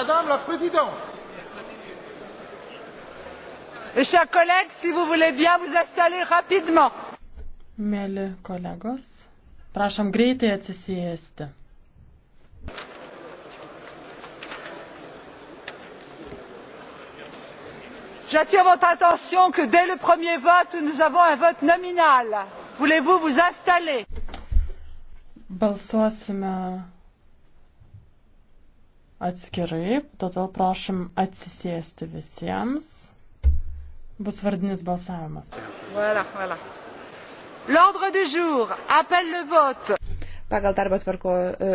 Madame la Présidente. Mes chers collègues, si vous voulez bien vous installer rapidement. Mėly kolegos, prašom greitai atsisėsti. j'attire votre attention que dès le premier vote nous avons un vote nominal. voulez vous vous installer? balsuosime atskirai, todėl prašom atsisėsti visiems. Bus vardinis balsavimas. Voilà, voilà. L'ordre du jour appelle le vote. Pagal darbo, tvarko, e,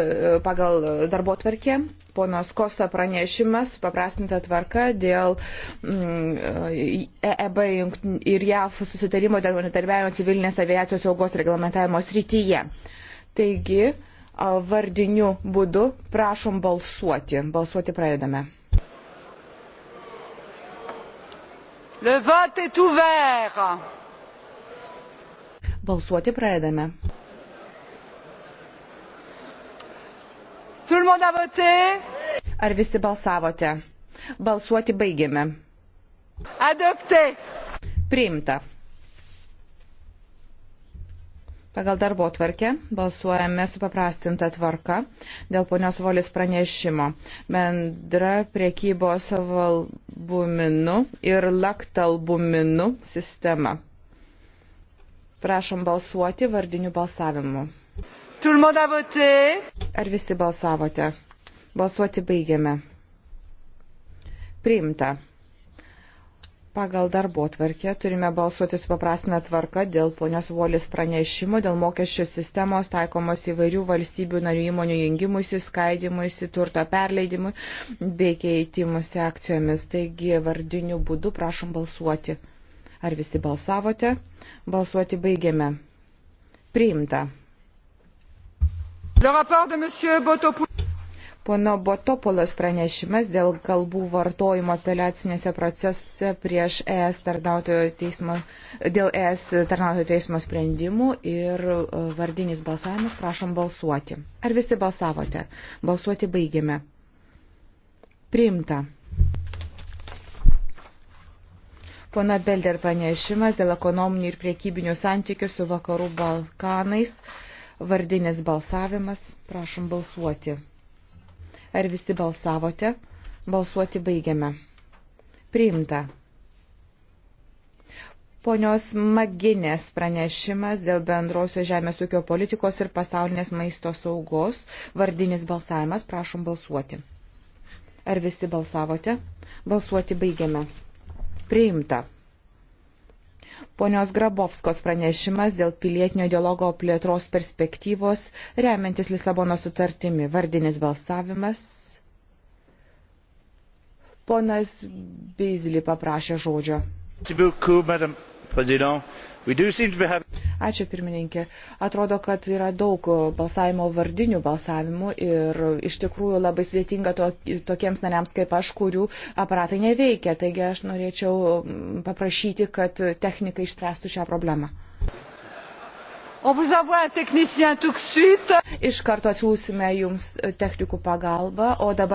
pagal darbo tvarkė, ponos Kosa pranešimas, paprastinta tvarka dėl mm, EEB ir JAF susitarimo dėl bendradarbiavimo civilinės aviacijos saugos reglamentavimo srityje. Taigi, vardiniu būdu. Prašom balsuoti. Balsuoti pradedame. Le vote est ouvert. Balsuoti pradedame. Tout le monde a voté? Ar visi balsavote? Balsuoti baigėme. Adopté. Priimta. Pagal darbo tvarkę balsuojame supaprastintą tvarką dėl ponios Volis pranešimo. Bendra priekybos valbuminu ir laktalbuminu sistema. Prašom balsuoti vardiniu balsavimu. Ar visi balsavote? Balsuoti baigiame. Priimta. Pagal darbo tvarkę turime balsuoti su paprastina tvarka dėl ponios Volis pranešimo, dėl mokesčio sistemos taikomos įvairių valstybių narių įmonių jungimusi, skaidimusi, turto perleidimui bei keitimusi akcijomis. Taigi vardiniu būdu prašom balsuoti. Ar visi balsavote? Balsuoti baigiame. Priimta. Le rapport de monsieur Botopoulos. Pono Botopolos pranešimas dėl kalbų vartojimo apeliacinėse procese prieš ES tarnautojo teismo, dėl ES tarnautojo teismo sprendimų ir e, vardinis balsavimas, prašom balsuoti. Ar visi balsavote? Balsuoti baigėme. Priimta. Pono Belder pranešimas dėl ekonominių ir priekybinių santykių su Vakarų Balkanais. Vardinis balsavimas. Prašom balsuoti. Ar visi balsavote? Balsuoti baigiame. Priimta. Ponios Maginės pranešimas dėl bendrosios žemės ūkio politikos ir pasaulinės maisto saugos. Vardinis balsavimas. Prašom balsuoti. Ar visi balsavote? Balsuoti baigiame. Priimta. Ponios Grabovskos pranešimas dėl pilietinio dialogo plėtros perspektyvos remiantis Lisabono sutartimi. Vardinis balsavimas. Ponas Beizli paprašė žodžio. Ačiū pirmininkė. Atrodo, kad yra daug e, balsavimo vardinių balsavimų ir iš tikrųjų labai sudėtinga to, tokiems nariams kaip aš, kurių aparatai neveikia. Taigi aš norėčiau paprašyti, kad technika išspręstų šią problemą. Iš karto atsiūsime jums technikų pagalbą, o dabar.